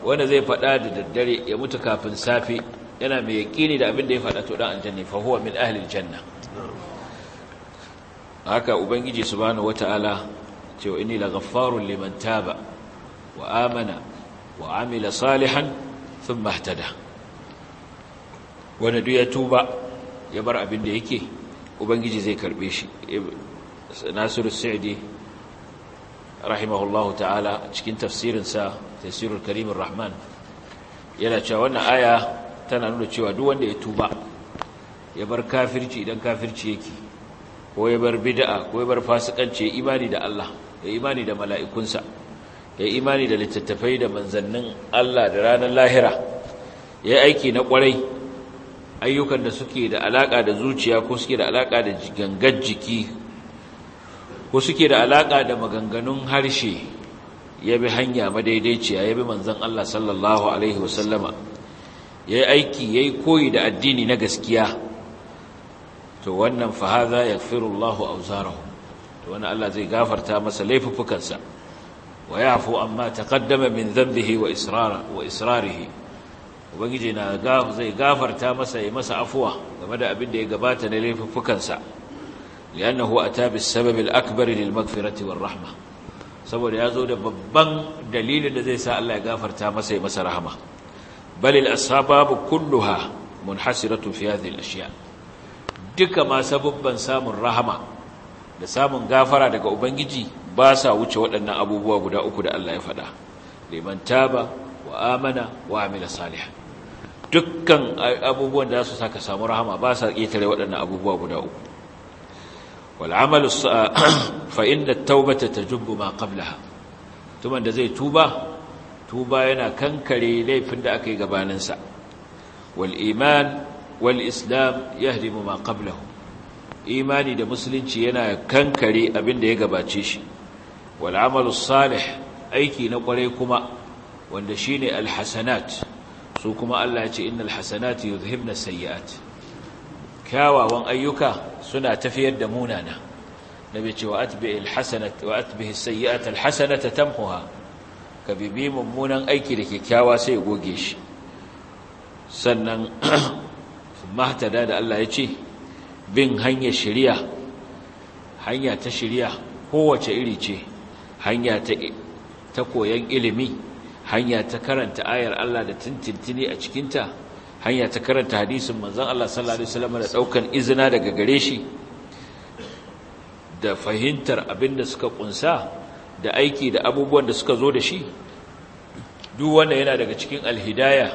A: wanda zai faɗa da daddare ya mutu kafin safe yana mai yaƙini da abin da ya faɗa to dan aljanna fa huwa min ahli aljanna haka ubangiji subhanahu wataala wa inni laghaffarun liman taba wa amana wa amila salihan sun da, wanda duk ya tuba ya bar abin da yake ubangiji zai karbe shi nasiru sa'idi rahimahullahu ta'ala cikin tafsirinsa tafsirul karimin rahman yana cewa wannan aya tana nuna cewa duk wanda ya tuba ya bar kafirci idan kafirci yake ko ya bar bid'a ko ya bar fasikanci ya imani da Allah ya imani da mala'ikunsa ya imani da littattafai da manzannin Allah da ranar lahira ya aiki na kwarai ayyukan da suke da alaka da zuciya ko suke da alaka da gangar jiki ko suke da alaka da maganganun harshe ya bi hanya madaidaiciya ya bi manzan Allah sallallahu alaihi wasallama ya yi aiki ya yi koyi da addini na gaskiya to wannan fahaza ya fi Allahu auzarahu to wani Allah zai gafarta masa laifuffukansa ويعفو عما تقدم من ذنبه وإصراره وإصراره ubangiji na zai gafarta masa ya masa afuwa game da abin da ya gabata na laifuffukansa li'annahu ata bis sabab al-akbar lil maghfirati war rahma saboda ya zo da babban dalilin da zai sa Allah ya gafarta masa ya masa rahama bal al-asbab kulluha munhasiratu fi hadhihi al-ashya duka ma sababban samun rahama da samun gafara daga ubangiji ba sa wuce waɗannan abubuwa guda uku da Allah ya faɗa liman taba wa amana wa amila salihan dukkan abubuwan da su saka samu rahama ba sa ƙetare waɗannan abubuwa guda uku wal'amalu ah, fa inda taubata tajubbu ma qablaha tuman da zai tuba tuba yana kankare laifin da aka yi gabaninsa wal iman wal islam yahdimu ma qablahu imani da musulunci yana kankare abin da ya gabace shi wal amalu salih aiki na kwarai kuma wanda shine al hasanat su kuma Allah ya ce innal hasanati yuzhibna sayi'at. kyawawan ayyuka suna tafiyar da munana nabi cewa atbi'il hasanat wa atbihi sayyi'at al hasanata tamhuha ka bibi mummunan aiki da kyakkyawa sai ya goge shi sannan mahtada da Allah ya ce bin hanyar shari'a hanya ta shari'a kowace iri ce hanya ta ta koyan ilimi hanya ta karanta ayar Allah da tintintini a cikinta hanya ta karanta hadisin manzon Allah sallallahu alaihi wasallam da daukan izina daga gare shi da fahimtar abin da suka kunsa da aiki da abubuwan da suka zo da shi duk wanda yana daga cikin alhidaya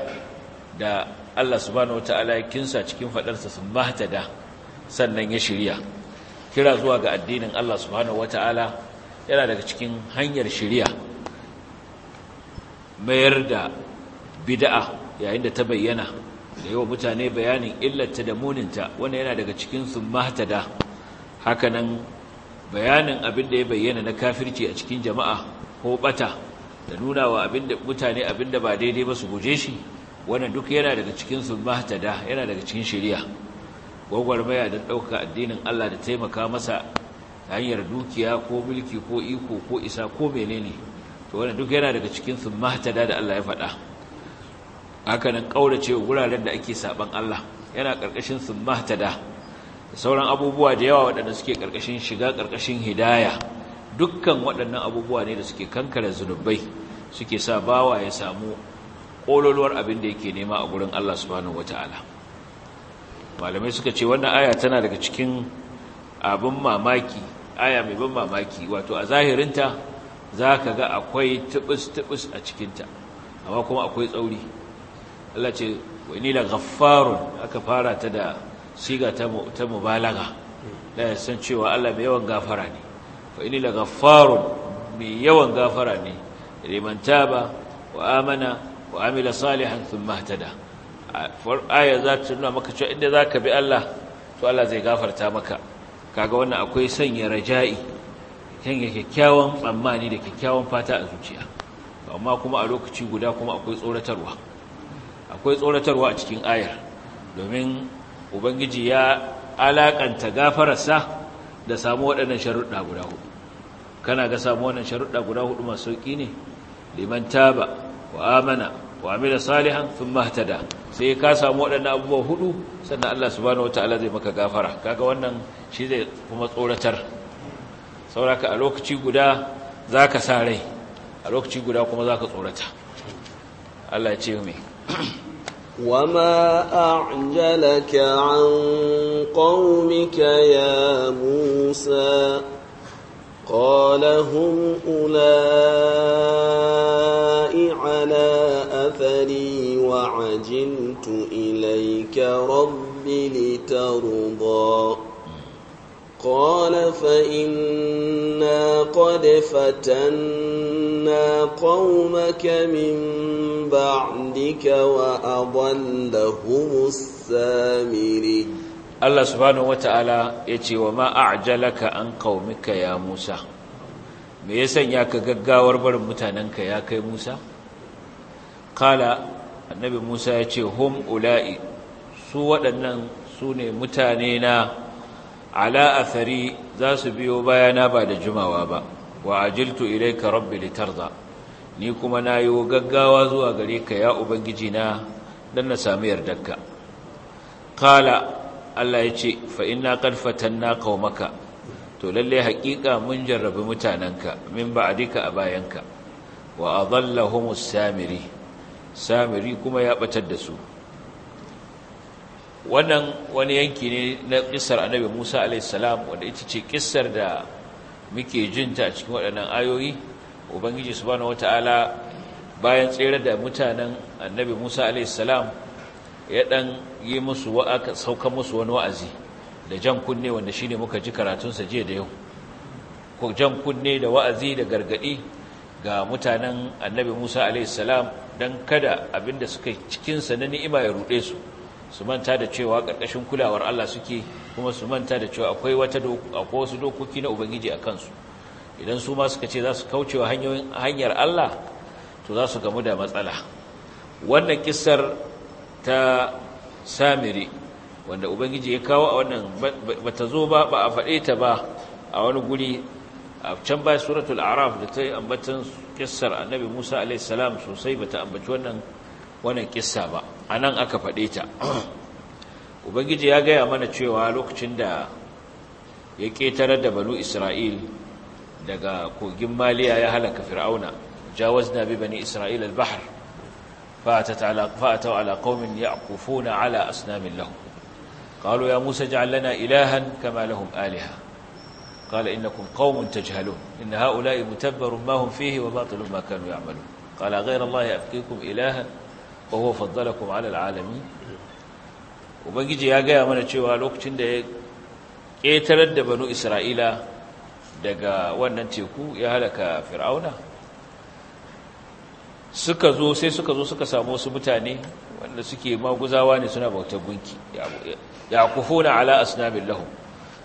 A: da Allah subhanahu wataala ya kinsa cikin fadarsa sun mahtada sannan ya shirya kira zuwa ga addinin Allah subhanahu wata'ala yana daga cikin hanyar shirya mayar da bid'a yayin da ta bayyana da yawa mutane bayanin illarta da muninta wanda yana daga cikin su hakanan bayanin abin da ya bayyana na kafirci a cikin jama'a ko bata da nuna wa mutane abin da ba daidai ba su guje shi wannan duk yana daga cikin su mahtada yana daga cikin shirya gwagwarmaya don ɗauka addinin Allah da taimaka masa ta hanyar dukiya ko mulki ko iko ko isa ko menene to wannan duk yana daga cikin mata da Allah ya faɗa haka nan ce wuraren da ake saban Allah yana karkashin mata da sauran abubuwa da yawa waɗanda suke karkashin shiga karkashin hidaya dukkan waɗannan abubuwa ne da suke kankare zunubai suke sa bawa ya samu ƙololuwar abin da yake nema a gurin Allah subhanahu wataala malamai suka ce wannan aya tana daga cikin abin mamaki aya mai ban mamaki wato a zahirinta za ka ga akwai tubus-tubus a cikinta amma kuma akwai tsauri Allah ce wani la gaffarun aka fara ta da siga ta mubalaga da ya san cewa Allah mai yawan gafara ne wani la gaffarun mai yawan gafara ne liman ba wa amana wa amila salihan thumma da. aya za ta nuna maka cewa inda za ka bi Allah to Allah zai gafarta maka kaga wannan akwai sanya raja'i sanya kyakkyawan tsammani da kyakkyawan fata a zuciya amma kuma a lokaci guda kuma akwai tsoratarwa akwai tsoratarwa a cikin ayar domin ubangiji ya alakanta gafararsa da samu waɗannan sharuɗa guda hudu kana ga samu wannan sharuɗa guda hudu masu sauki ne liman taba wa amana wa amila salihan thumma ihtada sai ka samu waɗannan abubuwa hudu sannan Allah subhanahu wataala zai maka gafara kaga wannan shi zai kuma tsoratar sauraka a lokaci guda zaka sa rai a lokaci guda kuma za ka tsorata
B: Allah ya ce mai وَمَا أَعْجَلَكَ عَنْ قَوْمِكَ يَا مُوسَى قال هم أولاء على أثري وعجلت إليك رب لترضى قال فإنا قد فتنا قومك من بعدك وأضلهم السامرين
A: Allah subhanahu wata'ala ya ce wa ma a'jalaka an qaumika ya Musa me ya sanya ka gaggawar barin mutanenka ya kai Musa kala annabi Musa ya ce hum ula'i su waɗannan su ne mutane na ala athari za su biyo bayana ba da jimawa ba wa ajiltu ilayka rabbi litarda ni kuma na nayi gaggawa zuwa gare ka ya ubangiji na dan na sami yardarka kala Allah ya ce fa inna na fatanna qaumaka to lalle haƙiƙa mun jarrabi mutananka min ba a bayanka wa adallahumus samiri samiri kuma ya batar da su wannan wani yanki ne na kissar annabi Musa alaihissalam wanda ita ce kissar da muke jinta a cikin waɗannan ayoyi ubangiji subhanahu wataala bayan tsere da mutanen annabi Musa alaihissalam ya dan yi musu wa'aka sauka musu wani wa'azi da jan kunne wanda shi ne muka ji karatun sa jiya da yau ko jan kunne da wa'azi da gargaɗi ga mutanen Annabi Musa alaihi salam dan kada abinda suka cikin sa na ni'ima ya rude su su manta da cewa karkashin kulawar Allah suke kuma su manta da cewa akwai wata wasu dokoki na ubangiji a kansu idan su ma suka ce za su kaucewa hanyoyin hanyar Allah to za su gamu da matsala wannan kissar ta samiri wanda ubangiji ya kawo a wannan ba ta zo ba ba a faɗe ta ba a wani guri a can baya suratul araf da ta yi ambatan kissar annabi musa alaihissalam sosai ba ta ambaci wannan wannan kissa ba a nan aka faɗe ta ubangiji ya gaya mana cewa lokacin da ya ƙetarar da banu isra'il daga kogin maliya ya halaka fir'auna jawaz na bi bani isra'il al-bahar فأتت على فأتوا على قوم يعقفون على أصنام لهم قالوا يا موسى اجعل لنا إلها كما لهم آلهة قال إنكم قوم تجهلون إن هؤلاء متبر ما هم فيه وباطل ما كانوا يعملون قال غير الله أبقيكم إلها وهو فضلكم على العالمين وبنجي يا جاي من cewa lokacin da ya ƙetarar da banu Isra'ila daga wannan teku ya halaka Fir'auna suka zo sai suka zo suka samu wasu mutane wanda suke maguzawa ne suna bautar gunki ya kufuna ala asnamin lahum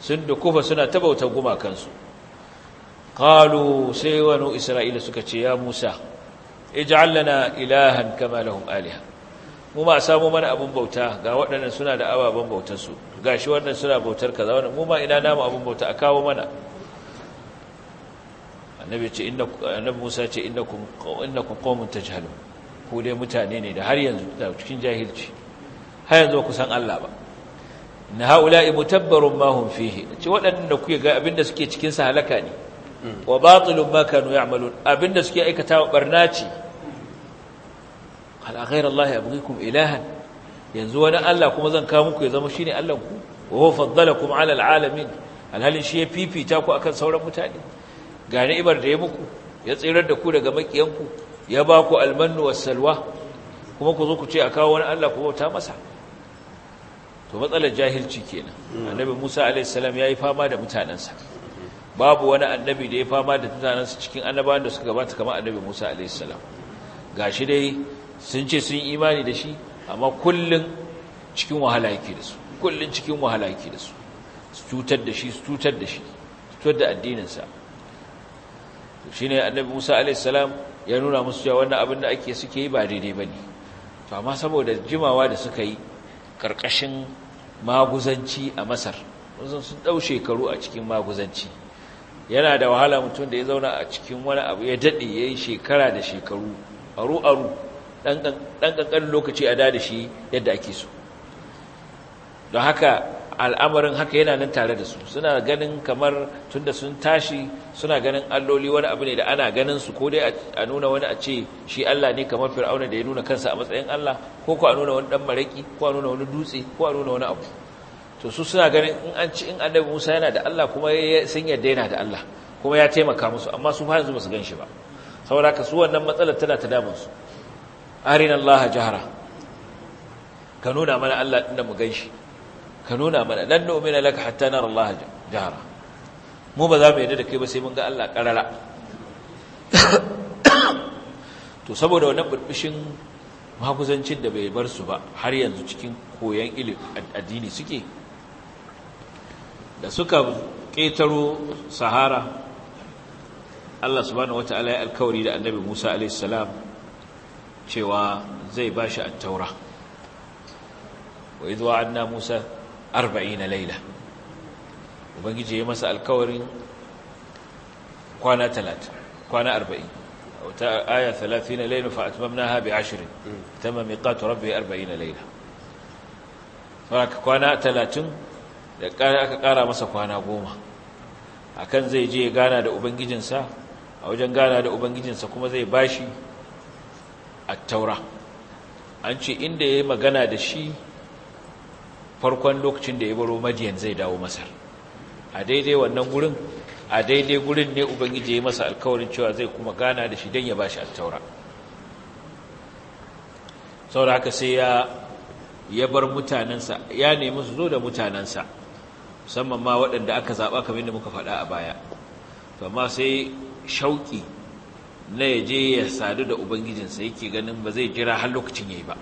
A: sun da kufa suna ta bautar gumakansu qalu sai wani isra'ila suka ce ya musa ij'al lana ilahan kama lahum aliha mu ma samu mana abun bauta ga waɗannan suna da ababen bautar su gashi wannan suna bautar kaza wannan mu ma ina namu abun bauta a kawo mana annabi ce annabi Musa ce innakum innakum qaumun tajhalun ku dai mutane ne da har yanzu da cikin jahilci har yanzu ku san Allah ba na haula'i mutabbarun ma hum fihi ce waɗanda kuke ga abinda suke cikin sa halaka ne wa batilun ma kanu ya'malun abinda suke aikata wa barna ce ala ghayra Allah ilahan yanzu wani Allah kuma zan kawo muku ya zama shine Allah ku wa faddalakum ala alalamin alhalin shi ya fifita ku akan sauran mutane ga ni'imar da ya muku ya tsirar da ku daga makiyanku ya ba ku almannu salwa. kuma ku zo ku ce a kawo wani Allah ku bauta masa to matsalar jahilci kenan mm. annabi Musa alaihi salam yayi fama da mutanansa babu wani annabi da ya fama da mutanansa cikin annabawan da suka gabata kamar annabi Musa alaihi salam gashi dai sun ce sun imani da shi amma kullun cikin wahala yake da su kullun cikin wahala yake da su su cutar da shi su cutar da shi su cutar da addininsa shine annabi Musa alaihi salam ya nuna musu cewa wannan abin da ake suke yi ba daidai bane to amma saboda jimawa da suka yi karkashin maguzanci a Masar sun sun ɗau shekaru a cikin maguzanci yana da wahala mutum da ya zauna a cikin wani abu ya dade yayin shekara da shekaru aru aru dan kankan lokaci a da shi yadda ake so don haka al'amarin haka yana nan tare da su suna ganin kamar tunda sun tashi suna ganin alloli wani abu ne da ana ganin su ko dai a nuna wani a ce shi Allah ne kamar fir'auna da ya nuna kansa a matsayin Allah ko ko a nuna wani dan maraki ko a nuna wani dutse ko a nuna wani abu to su suna ganin in an ci in annabi Musa yana da Allah kuma sun yadda yana da Allah kuma ya taimaka musu amma su har yanzu ba su gan shi ba saboda ka su wannan matsalar tana ta damun su arina Allah jahara ka nuna mana Allah din da mu gan shi ka nuna mana lan nu'mina laka hatta nara Allah jahara mu ba za mu yarda da kai ba sai mun ga Allah karara to saboda wannan burbushin maguzancin da bai bar su ba har yanzu cikin koyon ilimi addini suke da suka ƙetaro sahara Allah subhanahu wata'ala ya alkawari da annabi Musa salam cewa zai ba shi taura, wa idwa anna Musa arba'ina laila ubangiji ya masa alkawarin kwana talatin kwana arba'in a wata aya talatin laila fa atmamna ha bi ashirin tamma miqatu rabbi arba'ina laila saboda kwana talatin da aka kara masa kwana goma akan zai je gana da ubangijinsa a wajen gana da ubangijinsa kuma zai bashi a taura an ce inda ya yi magana da shi farkon lokacin da ya baro madiyan zai dawo masar a daidai wannan gurin a daidai gurin ne ubangiji ya masa alkawarin cewa zai kuma gana da shi don ya bashi attaura saboda haka sai ya ya bar mutanensa ya nemi su zo da mutanensa musamman ma waɗanda aka zaɓa kamar da muka faɗa a baya to amma sai shauƙi na ya je ya sadu da ubangijinsa yake ganin ba zai jira har lokacin ya yi ba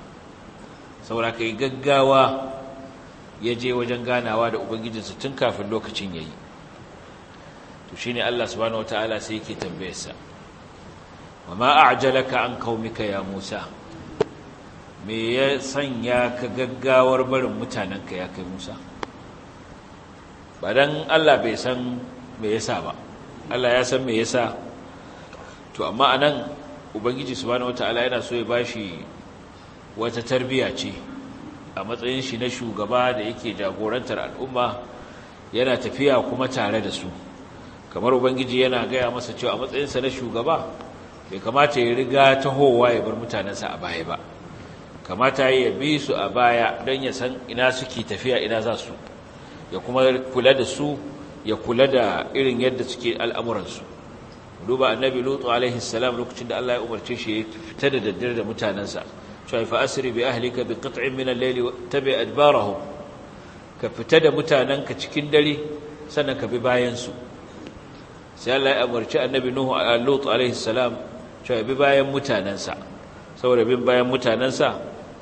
A: saboda yi gaggawa ya je wajen ganawa da ubangijinsa tun kafin lokacin yayi to shine Allah subhanahu wataala sai yake tambayarsa wama a'jalaka an qaumika ya Musa me ya sanya ka gaggawar barin mutanenka ya kai Musa ba don Allah bai san me yasa ba Allah ya san me yasa to amma anan ubangiji subhanahu wataala yana so ya bashi wata tarbiya ce a matsayin shi na shugaba da yake jagorantar al'umma yana tafiya kuma tare da su kamar ubangiji yana gaya masa cewa a matsayinsa na shugaba bai kamata ya riga tahowa ya bar mutanensa a baya ba kamata ya bi su a baya don ya san ina suke tafiya ina za su ya kuma kula da su ya kula da irin yadda suke al'amuransu duba annabi lutu alaihi salam lokacin da Allah ya umarce shi ya fita da daddare da mutanensa cewa asiri asri bi ahlika bi qit'in min al-layli wattabi adbarahum ka fita da mutananka cikin dare sannan ka bi bayansu. su sai Allah ya umarci annabi nuhu lut alaihi salam cewa bi bayan mutanansa saboda bin bayan mutanensa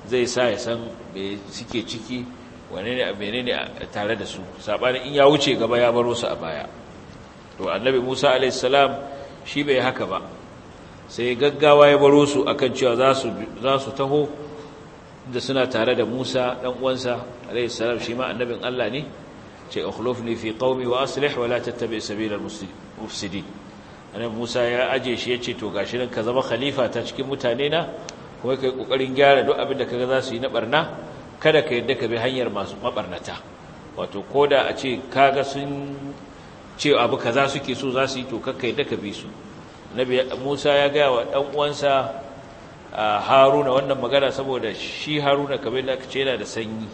A: zai sa ya san me suke ciki wane ne menene tare da su sabanin in ya wuce gaba ya baro su a baya to annabi Musa alaihi salam shi bai yi haka ba sai gaggawa ya baro su akan cewa za su taho da suna tare da Musa dan uwansa alayhi salam shi ma annabin Allah ne ce ne fi qaumi wa aslih wa la tattabi sabila mufsidi ana Musa ya aje shi yace to gashi ran ka zama khalifa ta cikin mutane na kuma kai kokarin gyara duk abin da kaga za su yi na barna kada ka yadda ka bi hanyar masu mabarnata wato koda a ce kaga sun ce abu kaza suke so za su yi to kakka yadda ka bi su Musa ya gaya wa ɗan uwansa Haruna wannan magana saboda shi Haruna kamar da yana da sanyi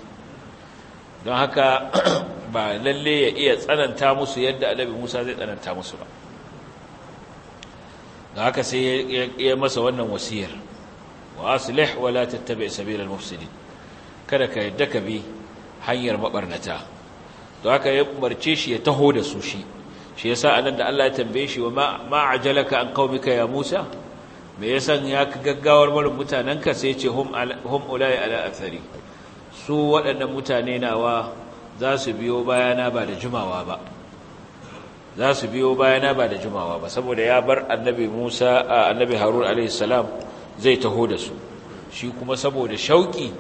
A: don haka ba lalle ya iya tsananta musu yadda Annabi Musa zai tsananta musu ba don haka sai ya masa wannan wasiyar wa aslih wa la tattabi al mufsidin kada ka yadda ka bi hanyar mabarnata don haka ya umarce shi ya taho da su shi shi yasa anan da Allah ya tambaye shi wa ma ajalaka an qaumika ya Musa me yasan ya ka gaggawar barin mutananka sai ce hum hum ulai ala athari su waɗannan mutane nawa za su biyo bayana ba da jumawa ba za su biyo bayana ba da jumawa ba saboda ya bar annabi Musa annabi Harun alaihi salam zai taho da su shi kuma saboda shauki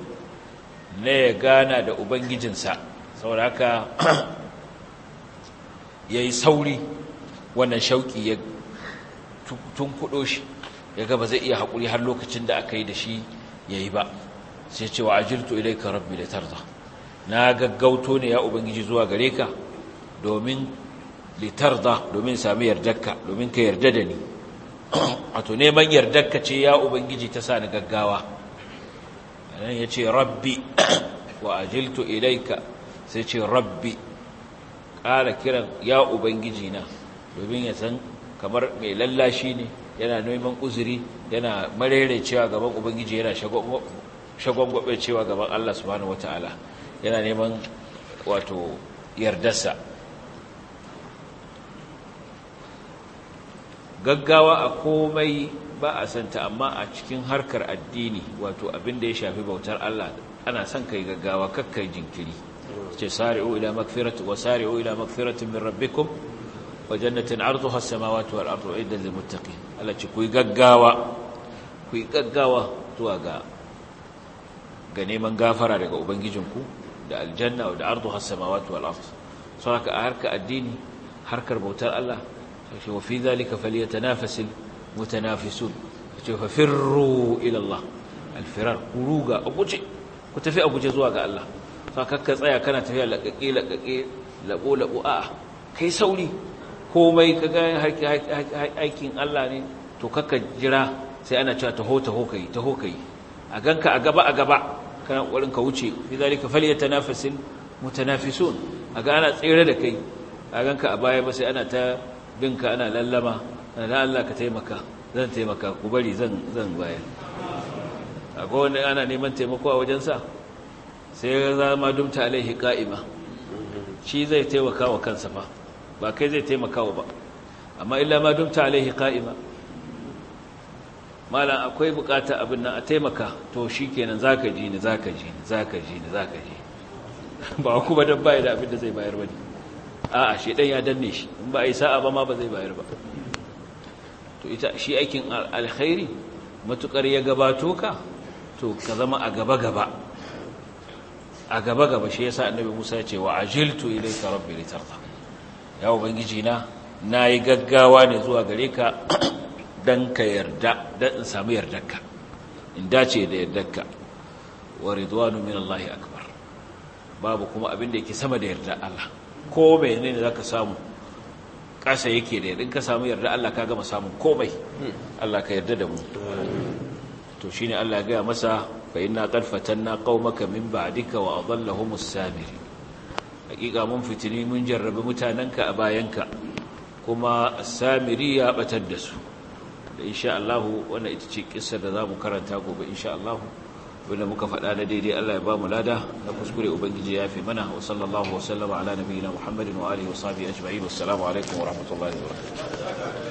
A: ne ya gana da ubangijinsa saboda haka ya yi sauri wannan shauƙi ya tunkuɗo shi ya gaba zai iya haƙuri har lokacin da aka yi da shi ya yi ba sai ce wa ajirtu ilaika rabbi da tarda na gaggauto ne ya ubangiji zuwa gare ka domin litarda domin sami yardarka domin ka yarda da ni wato neman yardarka ce ya ubangiji ta sa ni gaggawa nan ya ce rabbi wa ajiltu ilaika sai ce rabbi ƙara kiran ya ubangiji na domin ya san kamar mai lallashi ne yana neman uzuri yana cewa gaban ubangiji yana gobe cewa gaban Allah subhanahu wata'ala yana neman wato yardarsa gaggawa a komai ba a santa amma a cikin harkar addini wato abin da ya shafi bautar Allah ana son kai gaggawa kakkai jinkiri ce min rabbikum wa jannatin arduha ce ku gaggawa ku gaggawa ga neman gafara daga ubangijinku da aljanna da arduha as-samawati wal ardu saboda harka addini harkar bautar Allah sai wa fi zalika falyatanafasil mutanafisun ku ku tafi a guje zuwa ga Allah ka kakka tsaya kana tafiya laƙaƙe laƙaƙe laƙo laƙo a kai sauri komai ka aikin Allah ne to kakka jira sai ana cewa taho taho kai taho kai a ganka a gaba a gaba kana kokarin ka wuce fi zalika falyatanafasil mutanafisun ga ana tsere da kai a ganka a baya ba sai ana ta binka ana lallama da Allah ka taimaka zan taimaka ku bari zan zan bayar akwai wanda ana neman taimako a wajensa sai ya zama dumta alaihi ka'ima shi zai taimaka wa kansa ba ba kai zai taimaka wa ba amma illa ma dumta alaihi ka'ima malam akwai bukata abin nan a taimaka to shi kenan za ka ji ni za ka ji ni za ka ji ni za ka ji ba kuma don baya da abin da zai bayar ba ne a'a shi ɗan ya danne shi in ba a yi sa'a ba ma ba zai bayar ba to ita shi aikin alkhairi matukar ya gabato ka to ka zama a gaba-gaba a gaba gaba shi yasa annabi Musa ya ce wa ajiltu ilayka rabbi litarda ya ubangiji na nayi gaggawa ne zuwa gare ka dan ka yarda dan in samu yardarka in dace da yardarka wa ridwanu min Allah akbar babu kuma abin da yake sama da yarda Allah ko menene zaka samu kasa yake da yarda ka samu yarda Allah ka gama samun komai
B: hmm.
A: Allah ka yarda da mu to shine Allah ya ga masa fa inna na fatanna qaumaka min ba'dika wa adallahum as-samiri hakika mun fitini mun jarrabi ka a bayanka kuma samiri ya batar da su da insha Allah wannan ita ce kissa da za mu karanta gobe insha Allah wanda muka faɗa na daidai Allah ya ba mu lada na kuskure ubangiji ya fi mana wa sallallahu wa sallama ala nabiyina Muhammadin wa alihi wa sahbihi ajma'in alaikum wa rahmatullahi wa barakatuh